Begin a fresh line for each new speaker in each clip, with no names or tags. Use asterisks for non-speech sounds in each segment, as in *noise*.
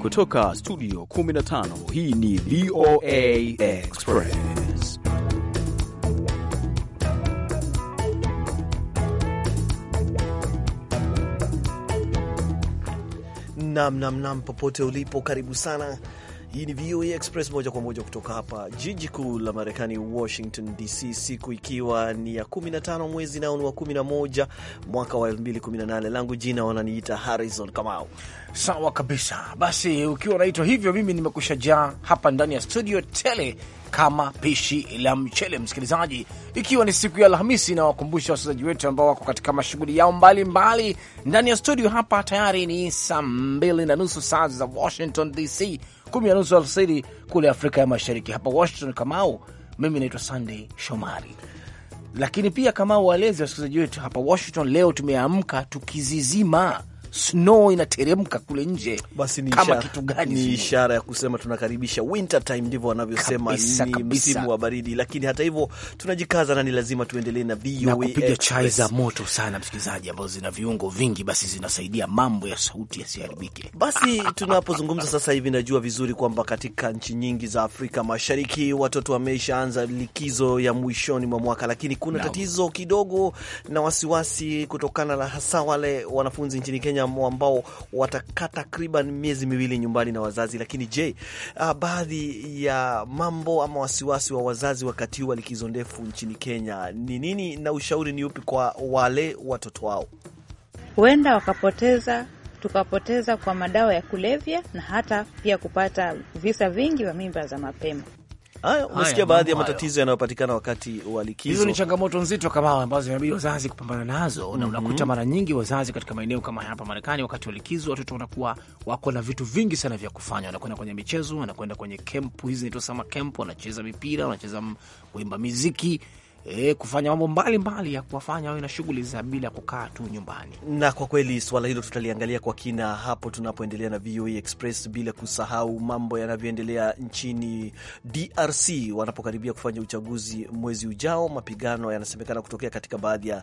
Kutoka studio 15 hii ni VOA Express. Nam nam nam, popote ulipo, karibu sana hii ni VOA Express moja kwa moja kutoka hapa jiji kuu la Marekani, Washington DC, siku ikiwa ni ya 15 mwezi nao ni wa 11 mwaka wa 2018. Langu jina wananiita Harrison Kamau. Sawa kabisa. Basi ukiwa unaitwa hivyo, mimi nimekusha jaa hapa ndani ya studio tele
kama pishi la mchele, msikilizaji, ikiwa ni siku ya Alhamisi, inawakumbusha wachezaji wasikilizaji wetu ambao wako katika mashughuli yao mbalimbali ndani ya studio hapa. Tayari ni saa mbili na nusu saa za Washington DC kumi na nusu alsiri kule Afrika ya Mashariki. Hapa Washington, Kamau, mimi naitwa Sunday Shomari. Lakini pia Kamau, walezi wasikilizaji wetu hapa Washington, leo tumeamka tukizizima snow inateremka
kule nje, basi ni kama kitu gani? Ni ishara ya kusema tunakaribisha winter time, ndivyo wanavyosema, ni msimu wa baridi. Lakini hata hivyo tunajikaza na ni lazima tuendelee na na kupiga chai
za moto sana, msikilizaji, ambazo zina viungo vingi, basi zinasaidia mambo ya sauti yasiharibike.
Basi tunapozungumza sasa hivi, najua vizuri kwamba katika nchi nyingi za Afrika Mashariki watoto wameshaanza likizo ya mwishoni mwa mwaka, lakini kuna no. tatizo kidogo na wasiwasi kutokana na hasa wale wanafunzi nchini Kenya Wakenya ambao watakaa takriban miezi miwili nyumbani na wazazi. Lakini je, ah, baadhi ya mambo ama wasiwasi wa wazazi wakati huu wa likizo ndefu nchini Kenya ni nini, na ushauri ni upi kwa wale watoto wao?
Huenda wakapoteza tukapoteza kwa madawa ya kulevya na hata pia kupata visa vingi vya mimba za mapema.
Haya, umesikia baadhi ya matatizo yanayopatikana wakati wa likizo. Hizo ni changamoto nzito kama ambazo inabidi
wazazi kupambana nazo mm -hmm. Na mhm. unakuta mara nyingi wazazi katika maeneo kama hapa Marekani, wakati wa likizo watoto wanakuwa wako na vitu vingi sana vya kufanya, wanakwenda kwenye michezo, wanakwenda kwenye kempu, hizi zinaitwa summer kempu, wanacheza mipira, wanacheza kuimba miziki e, kufanya mambo mbalimbali ya kuwafanya wawe na shughuli za bila kukaa tu nyumbani.
Na kwa kweli swala hilo tutaliangalia kwa kina hapo tunapoendelea na VOA e Express, bila kusahau mambo yanavyoendelea nchini DRC wanapokaribia kufanya uchaguzi mwezi ujao. Mapigano yanasemekana kutokea katika baadhi ya,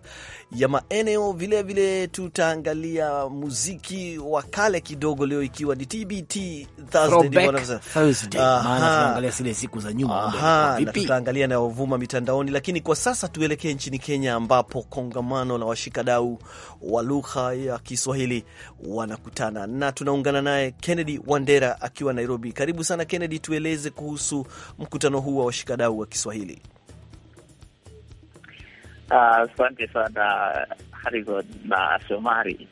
ya maeneo. Vilevile tutaangalia muziki wa kale kidogo leo, ikiwa ni TBT Thursday, tutaangalia na nayovuma mitandaoni, lakini kwa sasa tuelekee nchini Kenya, ambapo kongamano la washikadau wa lugha ya Kiswahili wanakutana na tunaungana naye Kennedy Wandera akiwa Nairobi. Karibu sana Kennedy, tueleze kuhusu mkutano huu wa washikadau wa Kiswahili.
Asante uh, sana Harizon na Shomari.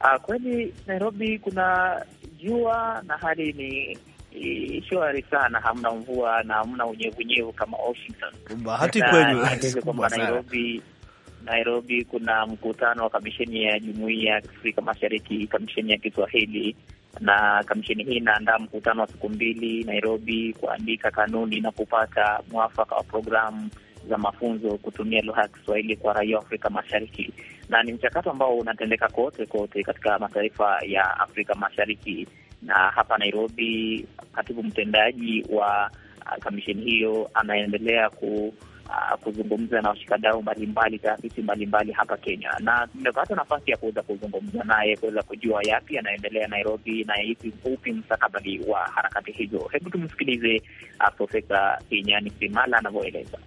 Uh, kweli Nairobi kuna jua na hali ni shwari sana, hamna mvua na hamna unyevunyevu kama Washington. Bahati kwenu kwamba Nairobi Nairobi kuna mkutano wa kamisheni ya jumuiya ya Afrika Mashariki, kamisheni ya Kiswahili, na kamisheni hii inaandaa mkutano wa siku mbili Nairobi kuandika kanuni na kupata mwafaka wa programu za mafunzo kutumia lugha ya Kiswahili kwa raia wa Afrika Mashariki, na ni mchakato ambao unatendeka kote kote katika mataifa ya Afrika Mashariki na hapa Nairobi katibu mtendaji wa kamisheni uh, hiyo anaendelea ku Uh, kuzungumza na washikadau mbalimbali, taasisi mbalimbali hapa Kenya, na nimepata nafasi ya kuweza kuzungumza naye kuweza kujua yapi yanaendelea Nairobi na ipi upi mstakabali wa harakati hizo. Hebu tumsikilize uh, Profesa Kinyani Simala anavyoeleza.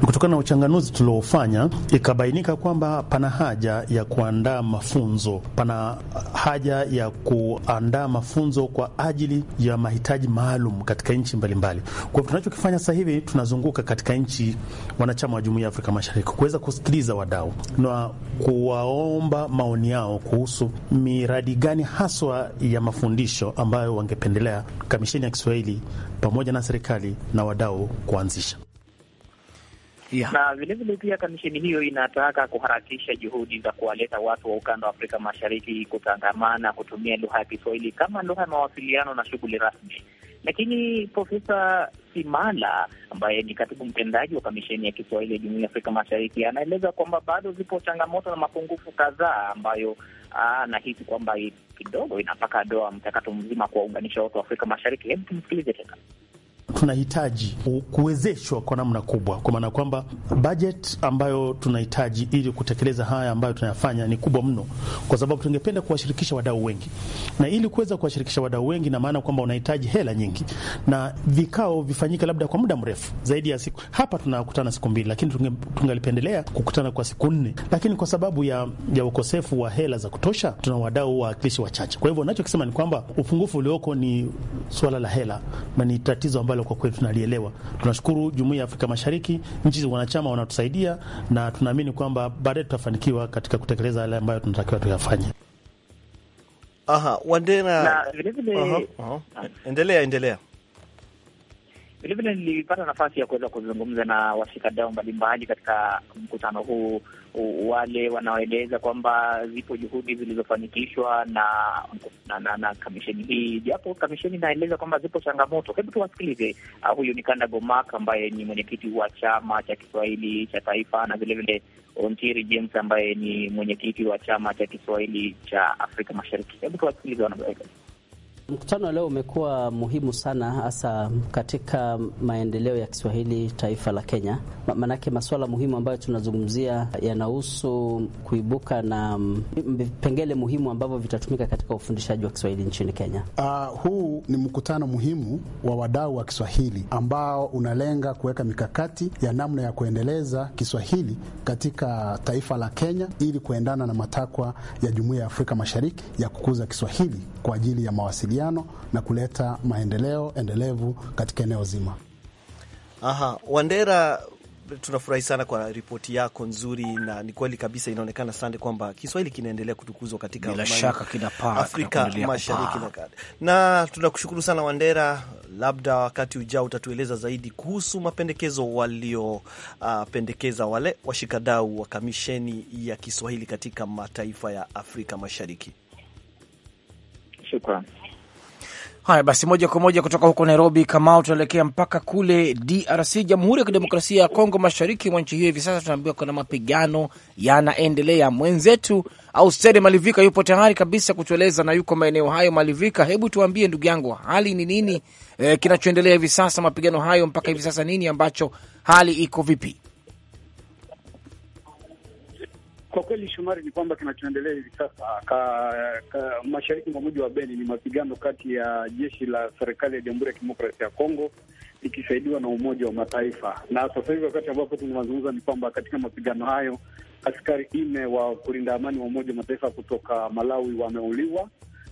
Kutokana na uchanganuzi tuliofanya, ikabainika kwamba pana haja ya kuandaa mafunzo, pana haja ya kuandaa mafunzo kwa ajili ya mahitaji maalum katika nchi mbalimbali. Kwa hivyo tunachokifanya sasa hivi, tunazunguka katika nchi wanachama wa Jumuiya ya Afrika Mashariki kuweza kusikiliza wadau na kuwaomba maoni yao kuhusu miradi gani haswa ya mafundisho ambayo wangependelea Kamisheni ya Kiswahili pamoja na serikali na wadau kuanzisha yeah.
Na vilevile pia kamisheni hiyo inataka kuharakisha juhudi za kuwaleta watu wa ukanda wa Afrika Mashariki kutangamana, kutumia lugha ya Kiswahili kama lugha ya mawasiliano na shughuli rasmi. Lakini Profesa Simala ambaye ni katibu mtendaji wa kamisheni ya Kiswahili ya Jumuiya ya Afrika Mashariki anaeleza kwamba bado zipo changamoto na mapungufu kadhaa ambayo ah, anahisi kwamba kidogo inapaka doa mchakato mzima kuwaunganisha watu wa Afrika Mashariki. Hebu tumsikilize tena
tunahitaji kuwezeshwa kwa namna kubwa, kwa maana kwamba bajeti ambayo tunahitaji ili kutekeleza haya ambayo tunayafanya ni kubwa mno, kwa sababu tungependa kuwashirikisha wadau wengi, na ili kuweza kuwashirikisha wadau wengi, na maana kwamba unahitaji hela nyingi, na vikao vifanyike labda kwa muda mrefu zaidi ya siku. Hapa tunakutana siku mbili, lakini tungalipendelea kukutana kwa siku nne, lakini kwa sababu ya, ya ukosefu wa hela za kutosha, tuna wadau wawakilishi wachache. Kwa hivyo nachokisema ni kwamba upungufu ulioko ni swala la hela na ni tatizo ambalo ambalo kwa kweli tunalielewa. Tunashukuru Jumuiya ya Afrika Mashariki, nchi wanachama wanatusaidia, na tunaamini kwamba baadaye tutafanikiwa katika kutekeleza yale ambayo tunatakiwa tuyafanye.
Aha, Wandera, endelea endelea. Vilevile
nilipata nafasi ya kuweza kuzungumza na washikadau mbalimbali katika mkutano huu, wale wanaoeleza kwamba zipo juhudi zilizofanikishwa na na, na, na kamisheni hii, japo kamisheni inaeleza kwamba zipo changamoto. Hebu tuwasikilize. Ah, huyu ni Kanda Gomak ambaye ni mwenyekiti wa chama cha Kiswahili cha Taifa, na vilevile Ontiri James ambaye ni mwenyekiti wa chama cha Kiswahili cha Afrika Mashariki. Hebu tuwasikilize wanavyoeleza.
Mkutano leo umekuwa muhimu sana hasa katika maendeleo ya Kiswahili taifa la Kenya, maanake masuala muhimu ambayo tunazungumzia yanahusu kuibuka na mm, vipengele muhimu ambavyo vitatumika katika ufundishaji wa Kiswahili
nchini Kenya.
Uh, huu ni mkutano muhimu wa wadau wa Kiswahili ambao unalenga kuweka mikakati ya namna ya kuendeleza Kiswahili katika taifa la Kenya ili kuendana na matakwa ya Jumuiya ya Afrika Mashariki ya kukuza Kiswahili kwa ajili ya mawasiliano ushirikiano na kuleta maendeleo endelevu katika eneo zima.
Aha, Wandera, tunafurahi sana kwa ripoti yako nzuri, na ni kweli kabisa inaonekana sande kwamba Kiswahili kinaendelea kutukuzwa katika bila shaka Afrika Mashariki na Kati, na tunakushukuru sana Wandera. Labda wakati ujao utatueleza zaidi kuhusu mapendekezo waliopendekeza uh, wale washikadau wa kamisheni ya Kiswahili katika mataifa ya Afrika Mashariki.
Shukran.
Haya basi, moja kwa moja kutoka huko Nairobi, Kamao, tunaelekea mpaka kule DRC, Jamhuri ya Kidemokrasia ya Kongo, mashariki mwa nchi hiyo. Hivi sasa tunaambiwa kuna mapigano yanaendelea. Mwenzetu Austeri Malivika yupo tayari kabisa kutueleza na yuko maeneo hayo. Malivika, hebu tuambie ndugu yangu, hali ni nini? eh, kinachoendelea hivi sasa, mapigano hayo mpaka hivi sasa, nini ambacho, hali iko vipi?
Kwa kweli Shomari, ni kwamba kinachoendelea hivi sasa ka, ka, mashariki mwa mji wa Beni ni mapigano kati ya jeshi la serikali ya Jamhuri ya Kidemokrasia ya Kongo ikisaidiwa na Umoja wa Mataifa, na sasa hivi wakati ambapo tunazungumza ni kwamba katika mapigano hayo askari nne wa kulinda amani wa Umoja wa Mataifa kutoka Malawi wameuliwa.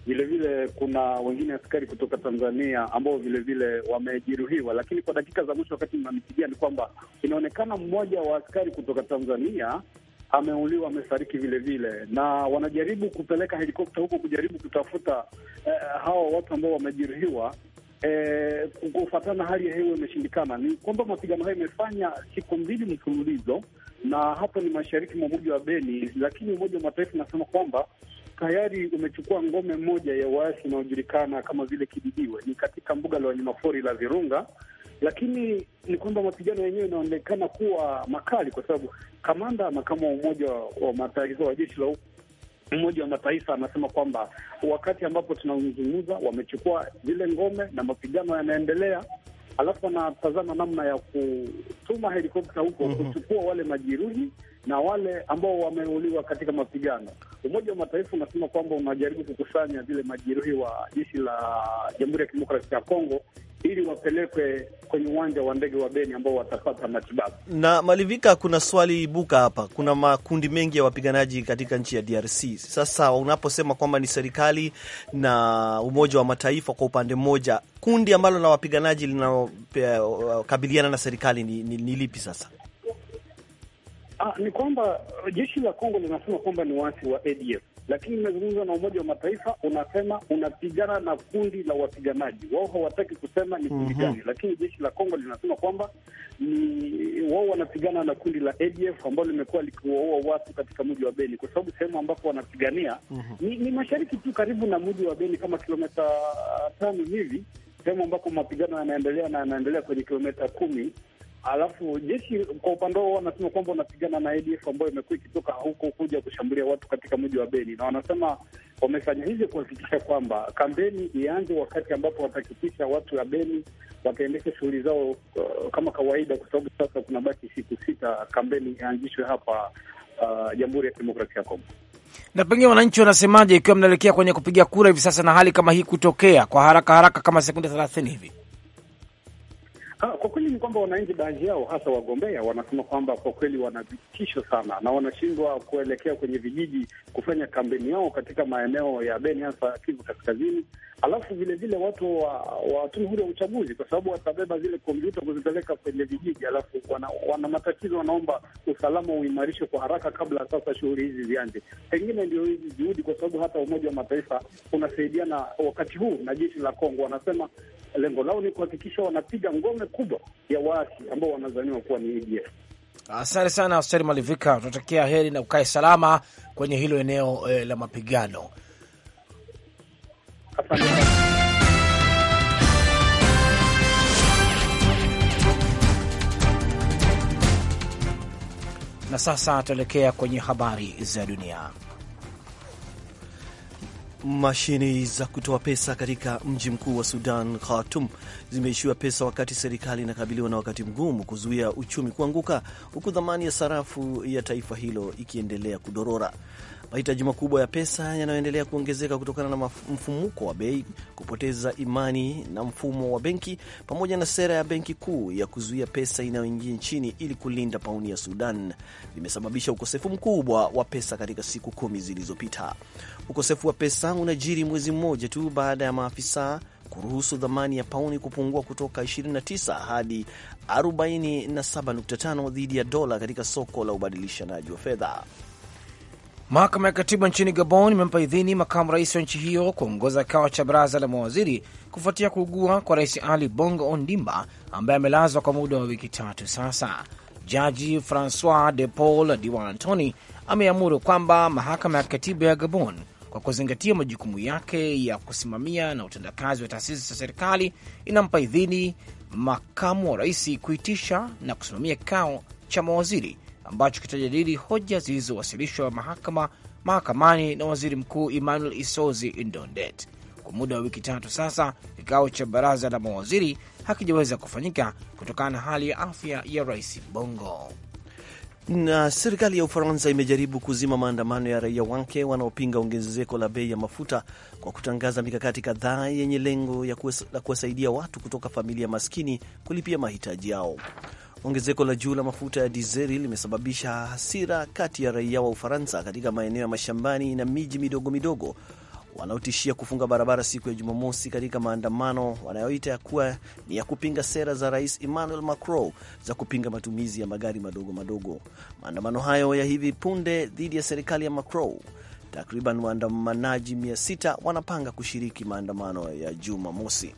Vilevile kuna wengine askari kutoka Tanzania ambao vilevile wamejeruhiwa. Lakini kwa dakika za mwisho, wakati mnanipigia, ni kwamba inaonekana mmoja wa askari kutoka Tanzania ameuliwa, amefariki vile vile, na wanajaribu kupeleka helikopta huko kujaribu kutafuta eh, eh hawa watu ambao wamejeruhiwa. Eh, kufuatana hali ya hewa imeshindikana. Ni kwamba mapigano hayo imefanya siku mbili mfululizo, na hapo ni mashariki mwa mji wa Beni, lakini Umoja wa Mataifa unasema kwamba tayari umechukua ngome moja ya waasi inayojulikana kama vile Kididiwe, ni katika mbuga la wanyamapori la Virunga lakini ni kwamba mapigano yenyewe inaonekana kuwa makali, kwa sababu kamanda makamu wa Umoja wa Mataifa wa jeshi la Umoja wa Mataifa anasema kwamba wakati ambapo tunazungumza wamechukua zile ngome na mapigano yanaendelea, alafu wanatazama namna ya kutuma helikopta huko mm -hmm. kuchukua wale majeruhi na wale ambao wameuliwa katika mapigano. Umoja wa Mataifa unasema kwamba unajaribu kukusanya vile majeruhi wa jeshi la Jamhuri ya Kidemokrasia ya Kongo ili wapelekwe kwenye uwanja wa ndege wa Beni ambao watapata matibabu.
Na Malivika, kuna swali ibuka hapa. Kuna makundi mengi ya wapiganaji katika nchi ya DRC. Sasa unaposema kwamba ni serikali na Umoja wa Mataifa kwa upande mmoja, kundi ambalo la wapiganaji linaokabiliana na serikali ni, ni, ni lipi sasa?
Ah, ni kwamba jeshi la Kongo linasema kwamba ni waasi wa ADF lakini imezungumza na Umoja wa Mataifa, unasema unapigana na kundi la wapiganaji. Wao hawataki kusema ni kundi mhm. gani, lakini jeshi la Kongo linasema kwamba ni wao wanapigana na kundi la ADF ambalo limekuwa likiwaua watu katika mji wa Beni, kwa sababu sehemu ambapo wanapigania mhm. ni, ni mashariki tu karibu na mji wa Beni kama kilometa tano hivi, sehemu ambapo mapigano yanaendelea na yanaendelea kwenye kilometa kumi Alafu jeshi kwa upande wao wanasema kwamba wanapigana na ADF ambayo imekuwa ikitoka huko kuja kushambulia watu katika mji wa Beni, na wanasema wamefanya hivyo kuhakikisha kwamba kampeni ianze wakati ambapo watahakikisha watu wa Beni wataendesha shughuli zao uh, kama kawaida, kwa sababu sasa kuna baki siku sita kampeni ianzishwe hapa uh, Jamhuri ya Kidemokrasia ya Kongo.
Na pengine wananchi wanasemaje, ikiwa mnaelekea kwenye kupiga kura hivi sasa na hali kama hii kutokea kwa haraka haraka kama sekunde thelathini hivi?
Ha, ah, kwa kweli ni kwamba wananchi baadhi yao hasa wagombea wanasema kwamba kwa kweli wana vitisho sana na wanashindwa kuelekea kwenye vijiji kufanya kampeni yao katika maeneo ya Beni, hasa Kivu Kaskazini, alafu vilevile watu wa, wa tume huru ya uchaguzi, kwa sababu watabeba zile kompyuta kuzipeleka kwenye vijiji, alafu wana, wana matatizo, wanaomba usalama uimarishwe kwa haraka kabla sasa shughuli hizi zianze. Pengine ndio hizi juhudi, kwa sababu hata Umoja wa Mataifa unasaidiana wakati huu na jeshi la Kongo, wanasema lengo lao ni kuhakikisha wanapiga ngome kubwa ya waasi ambao wanazaniwa kuwa ni ADF. E
Asante sana Hosteri Malivika, tunatakia heri na ukae salama kwenye hilo eneo eh, la mapigano. Na sasa tuelekea kwenye habari za dunia.
Mashini za kutoa pesa katika mji mkuu wa Sudan, khatum zimeishiwa pesa wakati serikali inakabiliwa na wakati mgumu kuzuia uchumi kuanguka, huku dhamani ya sarafu ya taifa hilo ikiendelea kudorora mahitaji makubwa ya pesa yanayoendelea kuongezeka kutokana na mfumuko wa bei, kupoteza imani na mfumo wa benki, pamoja na sera ya benki kuu ya kuzuia pesa inayoingia nchini ili kulinda pauni ya Sudan vimesababisha ukosefu mkubwa wa pesa katika siku kumi zilizopita. Ukosefu wa pesa unajiri mwezi mmoja tu baada ya maafisa kuruhusu dhamani ya pauni kupungua kutoka 29 hadi 47.5 dhidi ya dola katika soko la ubadilishanaji wa fedha.
Mahakama ya katiba nchini Gabon imempa idhini makamu rais wa nchi hiyo kuongoza kikao cha baraza la mawaziri kufuatia kuugua kwa rais Ali Bongo Ondimba ambaye amelazwa kwa muda wa wiki tatu sasa. Jaji Francois de Paul Diwa antoni ameamuru kwamba mahakama ya katiba ya Gabon, kwa kuzingatia majukumu yake ya kusimamia na utendakazi wa taasisi za serikali, inampa idhini makamu wa rais kuitisha na kusimamia kikao cha mawaziri ambacho kitajadili hoja zilizowasilishwa mahakama mahakamani na waziri mkuu Emmanuel Isozi Indondet. Kwa muda wa wiki tatu sasa, kikao cha baraza la mawaziri hakijaweza kufanyika kutokana na hali ya afya ya rais Bongo.
Na serikali ya Ufaransa imejaribu kuzima maandamano ya raia wake wanaopinga ongezeko la bei ya mafuta kwa kutangaza mikakati kadhaa yenye lengo la kuwasaidia watu kutoka familia maskini kulipia mahitaji yao. Ongezeko la juu la mafuta ya dizeli limesababisha hasira kati ya raia wa Ufaransa katika maeneo ya mashambani na miji midogo midogo wanaotishia kufunga barabara siku ya Jumamosi katika maandamano wanayoita kuwa ni ya kupinga sera za Rais Emmanuel Macron za kupinga matumizi ya magari madogo madogo. Maandamano hayo ya hivi punde dhidi ya serikali ya Macron, takriban waandamanaji 600 wanapanga kushiriki maandamano ya Jumamosi.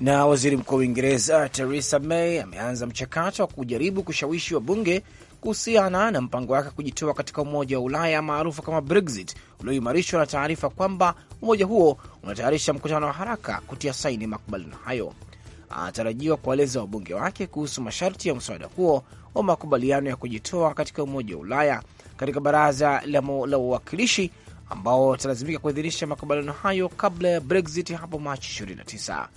Na waziri mkuu wa Uingereza
Theresa May ameanza
mchakato wa kujaribu kushawishi wabunge kuhusiana na mpango wake kujitoa katika Umoja wa Ulaya maarufu kama Brexit ulioimarishwa na taarifa kwamba umoja huo unatayarisha mkutano wa haraka kutia saini makubaliano hayo. Anatarajiwa kuwaeleza wabunge wake kuhusu masharti ya mswada huo wa makubaliano ya kujitoa katika Umoja wa Ulaya katika Baraza la Wawakilishi, ambao watalazimika kuidhinisha makubaliano hayo kabla ya Brexit hapo Machi 29.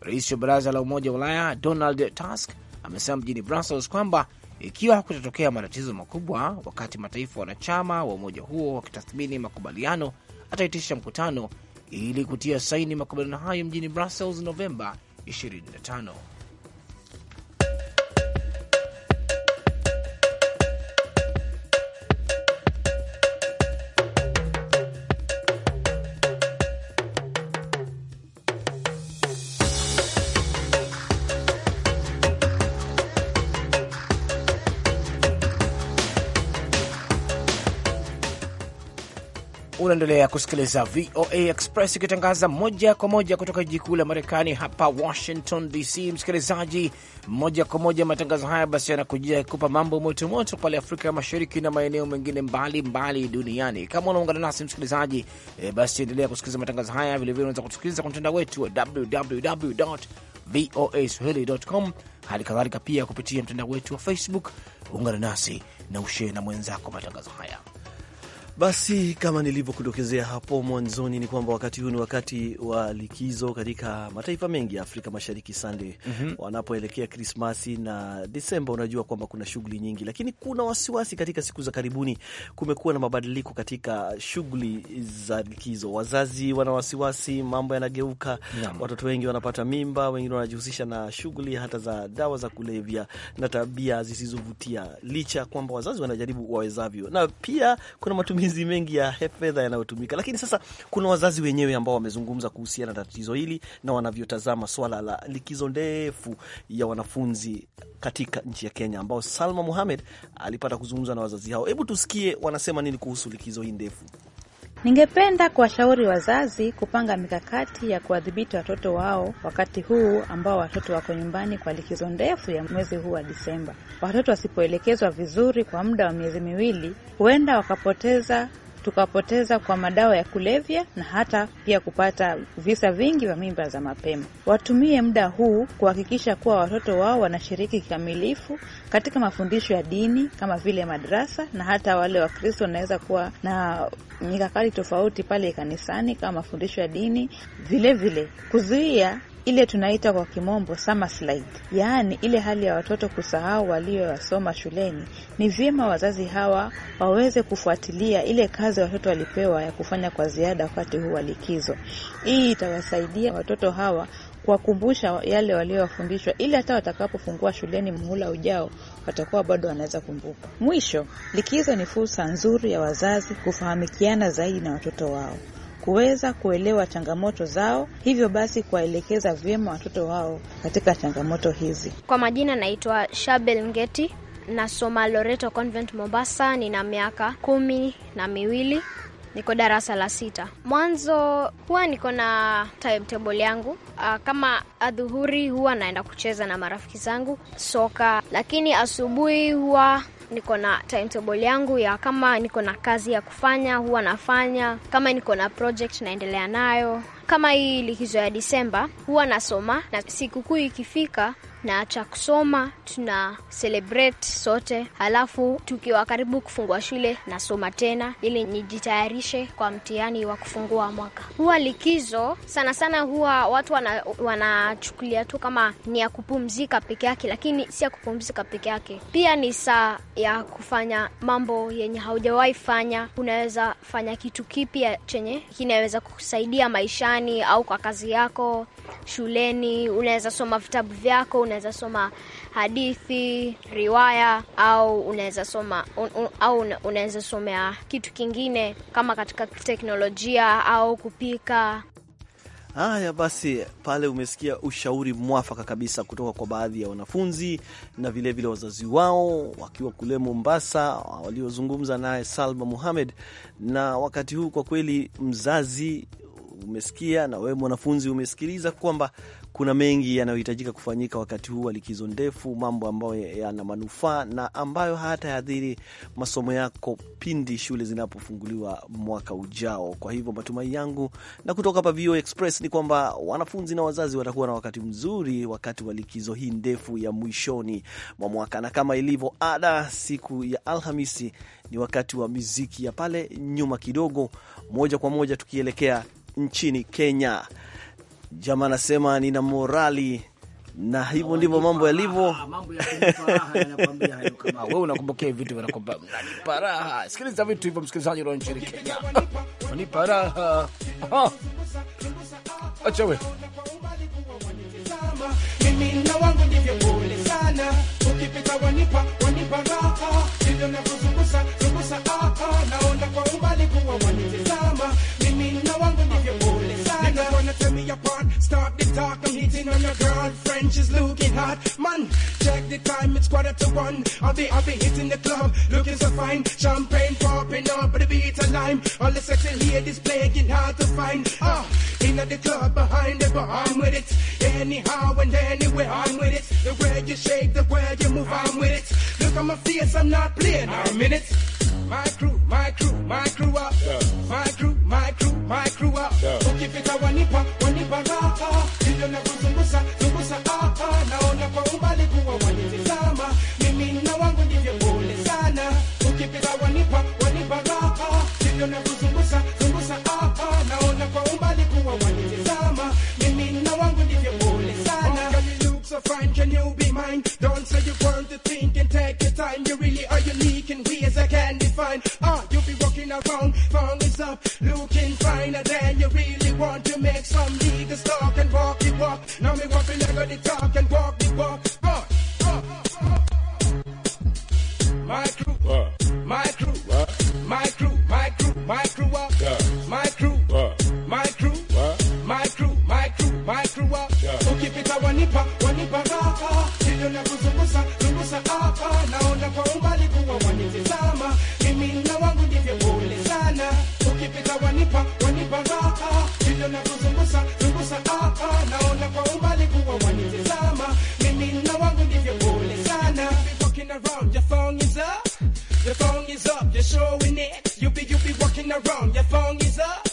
Rais wa baraza la Umoja wa Ulaya Donald Tusk amesema mjini Brussels kwamba ikiwa hakutatokea matatizo makubwa wakati mataifa wanachama wa umoja huo wakitathmini makubaliano, ataitisha mkutano ili kutia saini makubaliano hayo mjini Brussels Novemba 25. Unaendelea kusikiliza VOA Express ikitangaza moja kwa moja kutoka jiji kuu la Marekani, hapa Washington DC. Msikilizaji, moja kwa moja matangazo haya basi yanakujia kupa mambo motomoto pale Afrika ya Mashariki na maeneo mengine mbalimbali duniani. Kama unaungana nasi msikilizaji, e, basi endelea kusikiliza matangazo haya. Vilevile unaweza kutusikiliza kwa mtandao wetu wa www voa swahili.com, hali kadhalika pia
kupitia mtandao wetu wa Facebook. Ungana nasi na ushee na mwenzako matangazo haya. Basi kama nilivyokudokezea hapo mwanzoni, ni kwamba wakati huu ni wakati wa likizo katika mataifa mengi ya Afrika Mashariki sande, mm -hmm. wanapoelekea Krismasi na Desemba, unajua kwamba kuna shughuli nyingi, lakini kuna wasiwasi. Katika siku za karibuni kumekuwa na mabadiliko katika shughuli za likizo. Wazazi wana wasiwasi, mambo yanageuka, watoto wengi wanapata mimba, wengine wanajihusisha na shughuli hata za dawa za kulevya na tabia zisizovutia, licha kwamba wazazi wanajaribu wawezavyo, na pia kuna matumizi matumizi mengi ya fedha yanayotumika. Lakini sasa kuna wazazi wenyewe ambao wamezungumza kuhusiana na tatizo hili na wanavyotazama swala la likizo ndefu ya wanafunzi katika nchi ya Kenya, ambao Salma Muhamed alipata kuzungumza na wazazi hao. Hebu tusikie wanasema nini kuhusu likizo hii ndefu.
Ningependa kuwashauri wazazi kupanga mikakati ya kuwadhibiti watoto wao wakati huu ambao watoto wako nyumbani kwa likizo ndefu ya mwezi huu wa Disemba. Watoto wasipoelekezwa vizuri kwa muda wa miezi miwili, huenda wakapoteza tukapoteza kwa madawa ya kulevya na hata pia kupata visa vingi vya mimba za mapema. Watumie muda huu kuhakikisha kuwa watoto wao wanashiriki kikamilifu katika mafundisho ya dini kama vile madrasa, na hata wale Wakristo wanaweza kuwa na mikakati tofauti pale kanisani kama mafundisho ya dini, vilevile kuzuia ile tunaita kwa kimombo summer slide, yaani ile hali ya watoto kusahau waliyoyasoma shuleni. Ni vyema wazazi hawa waweze kufuatilia ile kazi watoto walipewa ya kufanya kwa ziada wakati huu wa likizo. Hii itawasaidia watoto hawa kuwakumbusha yale waliowafundishwa ili hata watakapofungua shuleni mhula ujao watakuwa bado wanaweza kumbuka. Mwisho, likizo ni fursa nzuri ya wazazi kufahamikiana zaidi na watoto wao kuweza kuelewa changamoto zao, hivyo basi kuwaelekeza vyema watoto wao katika changamoto hizi.
Kwa majina naitwa Shabel Ngeti, nasoma Loreto Convent Mombasa, nina miaka kumi na miwili niko darasa la sita. Mwanzo huwa niko na timetable yangu. Ah, kama adhuhuri, huwa naenda kucheza na marafiki zangu soka, lakini asubuhi huwa niko na timetable yangu ya kama niko na kazi ya kufanya huwa nafanya, kama niko na project naendelea nayo. Kama hii likizo ya Disemba huwa nasoma, na sikukuu ikifika na cha kusoma tuna celebrate sote, halafu tukiwa karibu kufungua shule nasoma tena ili nijitayarishe kwa mtihani wa kufungua mwaka. Huwa likizo sana sana, huwa watu wanachukulia wana tu kama ni ya kupumzika peke yake, lakini si ya kupumzika peke yake, pia ni saa ya kufanya mambo yenye haujawahi fanya. Unaweza fanya kitu kipya chenye kinaweza kusaidia maishani au kwa kazi yako shuleni, unaweza soma vitabu vyako, unaweza soma hadithi, riwaya au unaweza soma un, un, au unaweza somea kitu kingine kama katika teknolojia au kupika.
Haya basi, pale umesikia ushauri mwafaka kabisa kutoka kwa baadhi ya wanafunzi na vilevile wazazi wao wakiwa kule Mombasa, waliozungumza naye Salma Muhamed. Na wakati huu kwa kweli, mzazi umesikia na wewe mwanafunzi umesikiliza kwamba kuna mengi yanayohitajika kufanyika wakati huu wa likizo ndefu, mambo ambayo yana manufaa na ambayo hatayadhiri masomo yako pindi shule zinapofunguliwa mwaka ujao. Kwa hivyo matumai yangu na kutoka hapa VOA Express ni kwamba wanafunzi na wazazi watakuwa na wakati mzuri wakati wa likizo hii ndefu ya mwishoni mwa mwaka, na kama ilivyo ada, siku ya Alhamisi ni wakati wa miziki ya pale nyuma kidogo, moja kwa moja tukielekea nchini Kenya. Jamaa anasema nina morali na hivyo ndivyo mambo yalivyo. Wewe unakumbukia vitu vinakupa nanipa
raha. Sikiliza vitu hivyo, msikilizaji wa nchini Kenya, nanipa raha.
Acha wewe mimi na wangu ndivyo pole sana, ukipita wanipa wanipa raha, ndivyo Girlfriend she's looking hot. Man, check the time, it's quarter to one. I'll be, I'll be hitting the club, looking so fine. Champagne popping up, but the beat a lime. All the sexy ladies playing hard to find. Ah, in the club, behind the bar, I'm with it. Anyhow and anywhere, I'm with it. The way you shake, the way you move, I'm with it. Look at my face, I'm not playing. I'm in it. My crew, my crew, my crew up. Yeah. My crew, my crew, my crew up. Yeah. sasa you look so fine, can you be mine? Don't say you want to think and take your time, you really are unique in ways I can't define. Ah, you be walking around, phone is up, looking finer than you really want to make some niggas talk and walk the walk. Now me walking, I got the talk. Your phone is up, you're showing it. You be, you be walking around. Your phone is up.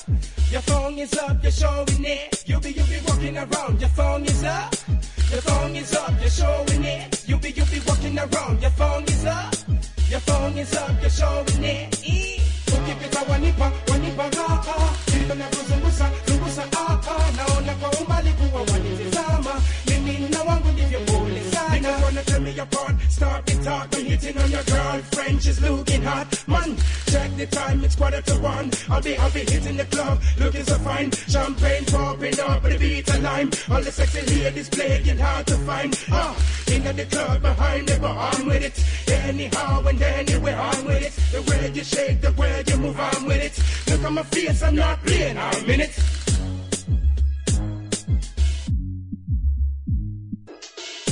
Your phone is up, you're showing it. You be, you be walking around. Your phone is up. Your phone is up, you're showing it. You be, you be walking around. Your phone is up. Your phone is up, you're showing it. Start the talk when hitting on your girlfriend. She's looking hot. Man, check the time. It's quarter to one. I'll be, I'll be hitting the club. Looking so fine. Champagne popping up with a beat of lime. All the sexy ladies playing hard to find. Ah, in the club behind the bar. I'm with it. Anyhow and anywhere. I'm with it. The way you shake, the way you move. I'm with it. Look at my face. I'm not playing. I'm in it.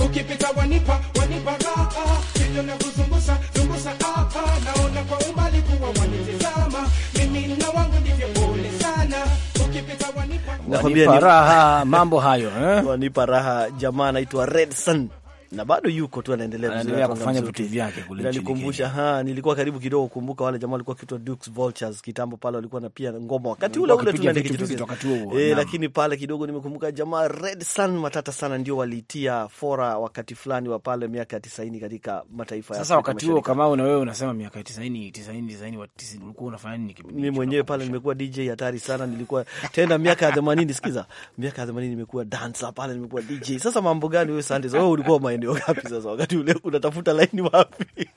ukipita wanipa wanipa raha hivyo na kuzungusa zungusa hapa naona kwa umbali kuwa wanitizama mimi na wangu ndivyo pole sana ukipita wanipa
wanipa raha mambo hayo eh? wanipa raha jamaa anaitwa Red Sun na bado yuko tu anaendelea vizuri kufanya vitu vyake kule nchini. Nilikumbusha ha, nilikuwa karibu kidogo kukumbuka wale jamaa walikuwa kitwa Dukes Vultures kitambo pale, walikuwa na pia ngoma wakati ule ule tu eh, lakini pale kidogo nimekumbuka jamaa Red Sun matata sana, ndio walitia fora wakati fulani wa pale miaka 90 katika mataifa ya sasa. Wakati huo kama una wewe unasema miaka 90 90 90 wa 90 ulikuwa unafanya nini? kipindi? Mimi mwenyewe pale nimekuwa DJ hatari sana, nilikuwa tena miaka ya 80. Sikiza, miaka ya 80 nimekuwa dancer pale, nimekuwa DJ. Sasa mambo gani wewe Sunday, wewe ulikuwa ni wangapi sasa? Wakati ule unatafuta laini wapi?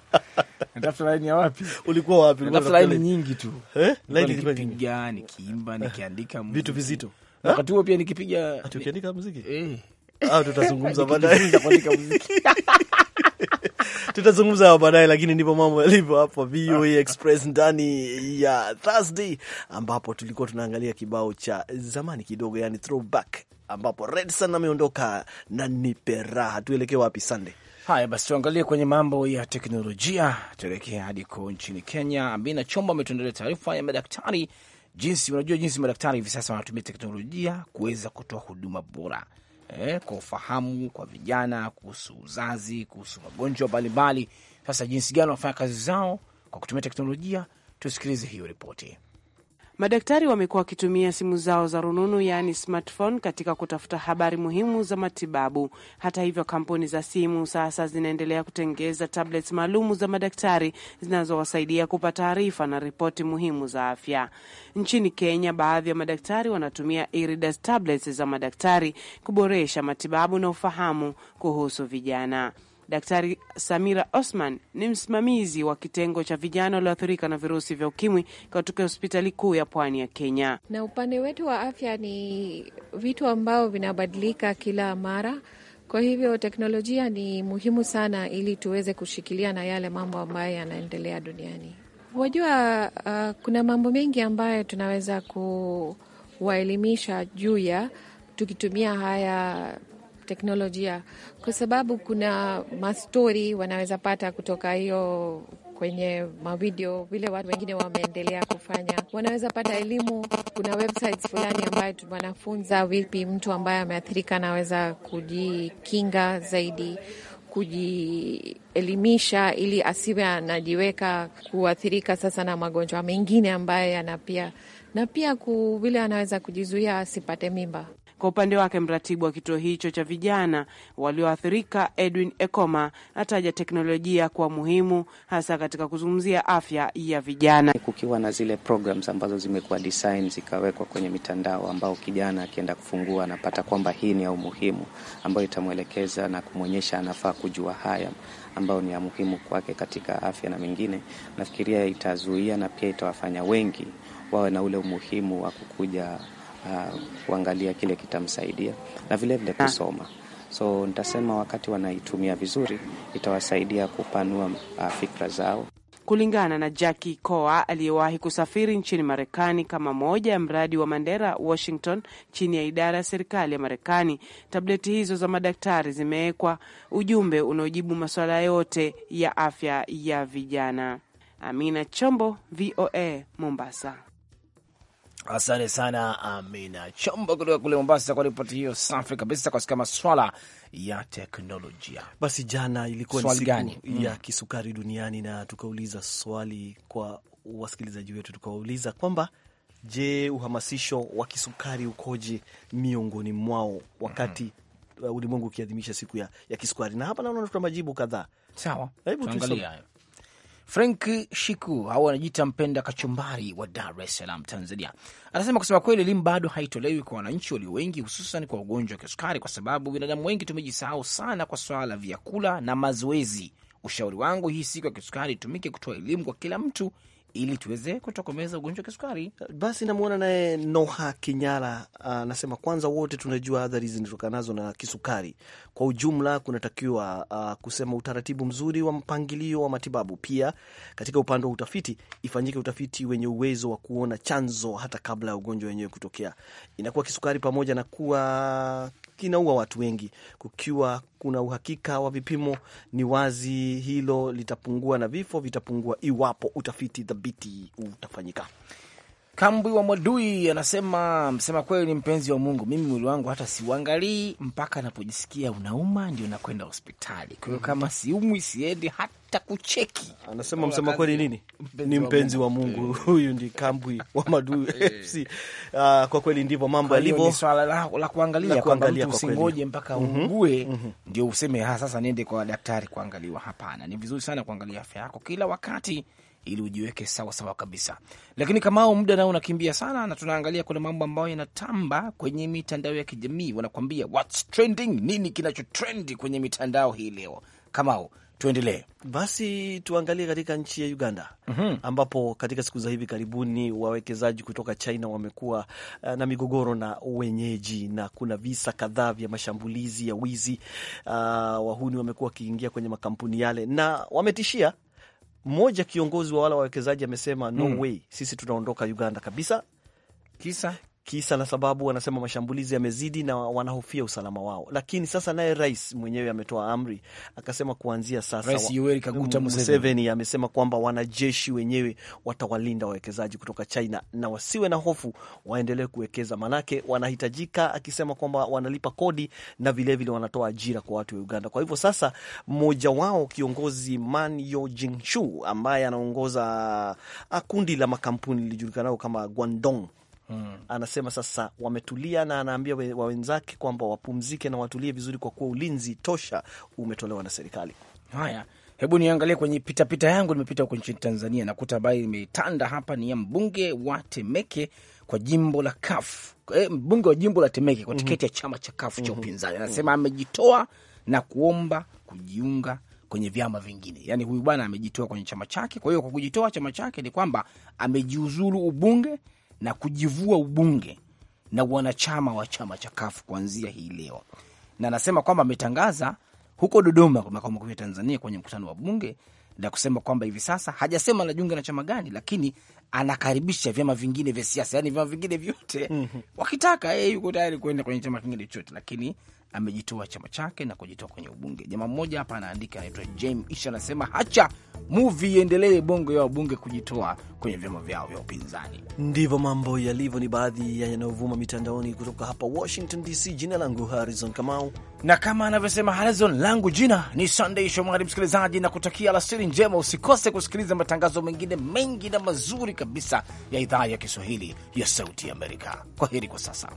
*laughs* Natafuta laini ya wapi? Ulikuwa wapi? Natafuta laini
nyingi tu eh, laini nikipiga, nikiimba, eh. nikiandika vitu vizito. Wakati huo pia
nikipiga, ah, muziki eh, au ah, tutazungumza baadaye kuandika
muziki
*laughs*
*laughs* tutazungumza baadaye, lakini ndipo mambo yalivyo hapa VOA Express ndani ya Thursday, ambapo tulikuwa tunaangalia kibao cha zamani kidogo, yani throwback ambapo Redsan ameondoka na nipe raha. Tuelekee wapi Sande?
Haya basi, tuangalie kwenye mambo ya teknolojia, tuelekee hadi ko nchini Kenya. Amina Chombo ametuendelea taarifa ya madaktari, jinsi unajua jinsi madaktari hivi sasa wanatumia teknolojia kuweza kutoa huduma bora eh, kwa ufahamu kwa vijana kuhusu uzazi, kuhusu magonjwa mbalimbali. Sasa jinsi gani wanafanya kazi zao kwa kutumia teknolojia, tusikilize hiyo ripoti.
Madaktari wamekuwa wakitumia simu zao za rununu yaani smartphone katika kutafuta habari muhimu za matibabu. Hata hivyo, kampuni za simu sasa zinaendelea kutengeza tablets maalumu za madaktari zinazowasaidia kupata taarifa na ripoti muhimu za afya. Nchini Kenya, baadhi ya madaktari wanatumia e-readers tablets za madaktari kuboresha matibabu na ufahamu kuhusu vijana. Daktari Samira Osman ni msimamizi wa kitengo cha vijana walioathirika na virusi vya ukimwi katika hospitali kuu ya pwani ya Kenya.
Na upande wetu wa afya ni vitu ambavyo vinabadilika kila mara, kwa hivyo teknolojia ni muhimu sana ili tuweze kushikilia na yale mambo ambayo yanaendelea duniani. Wajua, uh, kuna mambo mengi ambayo tunaweza kuwaelimisha juu ya tukitumia haya teknolojia, kwa sababu kuna mastori wanaweza pata kutoka hiyo kwenye mavideo vile watu wengine wameendelea kufanya, wanaweza pata elimu. Kuna websites fulani ambayo wanafunza vipi mtu ambaye ameathirika anaweza kujikinga zaidi, kujielimisha ili asiwe anajiweka kuathirika sasa na magonjwa mengine ambayo yana pia na pia ku vile anaweza kujizuia asipate mimba.
Kwa upande wake, mratibu wa kituo hicho cha vijana walioathirika Edwin Ekoma ataja teknolojia kuwa muhimu hasa katika kuzungumzia afya ya vijana. Kukiwa na zile programs ambazo zimekuwa design zikawekwa kwenye mitandao, ambao kijana akienda kufungua anapata kwamba hii ni ya umuhimu, ambayo itamwelekeza na kumwonyesha anafaa kujua haya ambayo ni ya muhimu kwake katika afya na mengine. Nafikiria itazuia na pia itawafanya wengi wawe na ule umuhimu wa kukuja uh, kuangalia kile kitamsaidia na vilevile vile ah. kusoma. So nitasema wakati wanaitumia vizuri itawasaidia kupanua uh, fikra zao. Kulingana na Jackie Koa aliyewahi kusafiri nchini Marekani kama moja ya mradi wa Mandera Washington chini ya idara ya serikali ya Marekani, tableti hizo za madaktari zimewekwa ujumbe unaojibu masuala yote ya afya ya vijana. Amina Chombo, VOA, Mombasa.
Asante sana Amina Chombo kutoka kule Mombasa kwa ripoti hiyo safi kabisa, katika maswala ya teknolojia.
Basi jana ilikuwa ni siku mm, ya kisukari duniani, na tukauliza swali kwa wasikilizaji wetu, tukawauliza kwamba je, uhamasisho wa kisukari ukoje miongoni mwao wakati mm -hmm. ulimwengu ukiadhimisha siku ya, ya kisukari, na hapa naona tuna majibu kadhaa. Sawa, hebu tuangalie Frank Shiku au anajiita mpenda
kachumbari wa Dar es Salaam, Tanzania, anasema kusema kweli, elimu bado haitolewi kwa wananchi walio wengi, hususan kwa ugonjwa wa kisukari, kwa sababu binadamu wengi tumejisahau sana kwa swala la vyakula na mazoezi. Ushauri wangu hii siku ya kisukari itumike kutoa elimu kwa kila mtu ili tuweze kutokomeza ugonjwa wa kisukari.
Basi namwona naye Noha Kinyala uh, anasema uh, kwanza wote tunajua adhari zinatokanazo na kisukari kwa ujumla. Kunatakiwa uh, kusema utaratibu mzuri wa mpangilio wa matibabu. Pia katika upande wa utafiti, ifanyike utafiti wenye uwezo wa kuona chanzo hata kabla ya ugonjwa wenyewe kutokea. Inakuwa kisukari pamoja na kuwa kinaua watu wengi, kukiwa kuna uhakika wa vipimo, ni wazi hilo litapungua na vifo vitapungua iwapo utafiti thabiti utafanyika. Kambwi wa Mwadui anasema msema kweli ni mpenzi wa Mungu, mimi
mwili wangu hata siuangalii mpaka napojisikia unauma ndio nakwenda hospitali. Kwa hiyo kama siumwi, siendi hata kucheki. Anasema msema kweli nini,
ni mpenzi wa Mungu eh. *laughs* huyu ndi Kambwi wa Mwadui *laughs* eh. FC. Uh, ah, kwa kweli ndivyo mambo yalivyo. Ni swala la, la kuangalia kwamba mtu usingoje mpaka mhm.
ungue mm -hmm. ndio useme ha, ah, sasa niende kwa daktari kuangaliwa. Hapana, ni vizuri sana kuangalia afya yako kila wakati ili ujiweke sawa sawa kabisa. Lakini kama muda nao unakimbia sana, na tunaangalia kuna mambo ambayo yanatamba kwenye mitandao ya kijamii, wanakuambia what's trending, nini kinachotrendi kwenye mitandao hii leo. Kamao,
tuendelee basi, tuangalie katika nchi ya Uganda
mm
-hmm.
ambapo katika siku za hivi karibuni wawekezaji kutoka China wamekuwa eh, na migogoro na wenyeji na kuna visa kadhaa vya mashambulizi ya wizi. Uh, wahuni wamekuwa wakiingia kwenye makampuni yale na wametishia mmoja kiongozi wa wale wawekezaji amesema no hmm. way, sisi tunaondoka Uganda kabisa. Kisa Kisa na sababu, wanasema mashambulizi yamezidi na wanahofia usalama wao. Lakini sasa naye rais mwenyewe ametoa amri, akasema kuanzia sasa rais Yoweri Kaguta Museveni amesema kwamba wanajeshi wenyewe watawalinda wawekezaji kutoka China na wasiwe na hofu, waendelee kuwekeza manake wanahitajika, akisema kwamba wanalipa kodi na vilevile vile wanatoa ajira kwa watu wa Uganda. Kwa hivyo sasa mmoja wao kiongozi Manyo Jingshu ambaye anaongoza kundi la makampuni lilijulikanao kama Guangdong Hmm. Anasema sasa wametulia na anaambia wa wenzake kwamba wapumzike na watulie vizuri kwa kuwa ulinzi tosha umetolewa na serikali.
Haya, hebu niangalie kwenye pitapita yangu, nimepita huko nchini Tanzania, nakuta habari imetanda hapa ni ya mbunge wa Temeke kwa jimbo la kaf e, eh, mbunge wa jimbo la Temeke kwa mhm. tiketi ya chama cha kaf cha mhm. upinzani anasema mhm. amejitoa na kuomba kujiunga kwenye vyama vingine. Yani huyu bwana amejitoa kwenye chama chake, kwa hiyo kwa kujitoa chama chake ni kwamba amejiuzulu ubunge na kujivua ubunge na wanachama wa chama cha kafu kuanzia hii leo, na anasema kwamba ametangaza huko Dodoma kwa makao makuu ya Tanzania kwenye mkutano wa bunge na kusema kwamba hivi sasa hajasema anajiunga na chama gani, lakini anakaribisha vyama vingine vya siasa, yani vyama vingine vyote mm-hmm. Wakitaka yeye yuko tayari kuenda kwenye chama kingine chochote, lakini amejitoa chama chake na kujitoa kwenye ubunge. Jamaa mmoja hapa anaandika, anaitwa James Isha, anasema hacha muvi iendelee, bongo ya wabunge kujitoa kwenye vyama vyao vya upinzani.
Ndivyo mambo yalivyo, ni baadhi ya yanayovuma mitandaoni. Kutoka hapa Washington DC, jina langu Harrison Kamau, na kama anavyosema Harrison, langu jina ni Sunday Shomari.
Msikilizaji na kutakia alasiri njema, usikose kusikiliza matangazo mengine mengi na mazuri kabisa ya idhaa ya Kiswahili ya Sauti ya Amerika. Kwa heri kwa sasa.